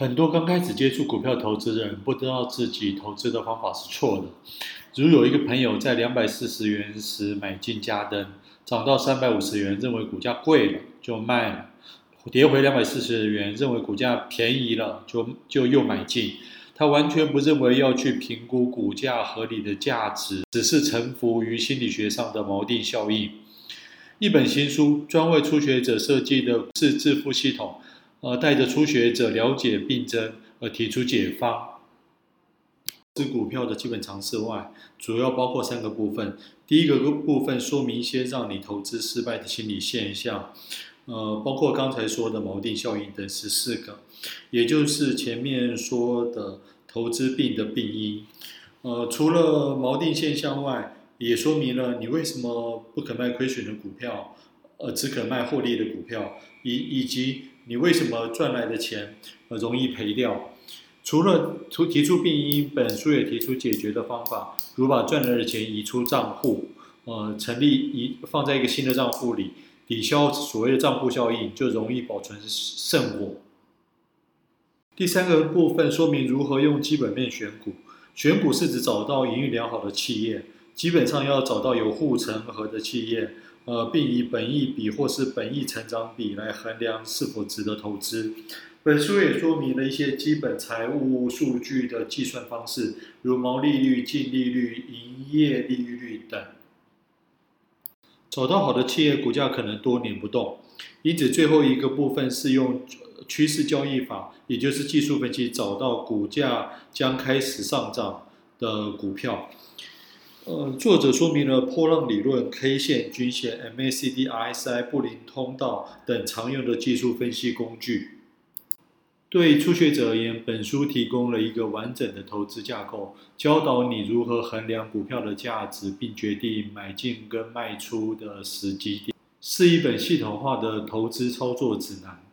很多剛開始接觸股票投資的人，不知道自己投資的方法是錯的。如有一個朋友在兩百四十元時買進家登，漲到三百五十元，認為股價貴了就賣了，跌回兩百四十元，認為股價便宜了就就又買進。他完全不認為要去評估股價合理的價值，只是臣服於心理學上的錨定效應。一本新書專為初學者設計的《是致富系統》。呃，帶着初學者了解病症，而提出解方，投資股票的基本常識外，主要包括三個部分。第一個個部分說明一些讓你投資失敗的心理現象，呃，包括剛才說的錨定效應等十四個，也就是前面說的投資病的病因。呃，除了錨定現象外，也說明了你為什麼不肯賣虧損的股票。呃，只可賣獲利的股票，以、以及你為什麼賺來的錢呃容易賠掉？除了，除提出病因，本書也提出解決的方法，如把賺來的錢移出賬戶，呃，成立移放在一個新的賬戶裡，抵消所謂的賬戶效應，就容易保存勝果。第三個部分說明如何用基本面選股，選股是指找到營運良好的企業，基本上要找到有護城河的企業。呃，並以本益比或是本益成長比來衡量是否值得投資。本書也說明了一些基本財務數據的計算方式，如毛利率、淨利率、營業利率等。找到好的企業，股價可能多年不動，因此最後一個部分是用趨勢交易法，也就是技術分析，找到股價將開始上漲的股票。呃，作者說明了波浪理論、K 線、均線、MACD、RSI、布林通道等常用的技術分析工具。對初學者而言，本書提供了一個完整的投資架構，教導你如何衡量股票的價值，並決定買進跟賣出的時機點。是一本系統化的投資操作指南。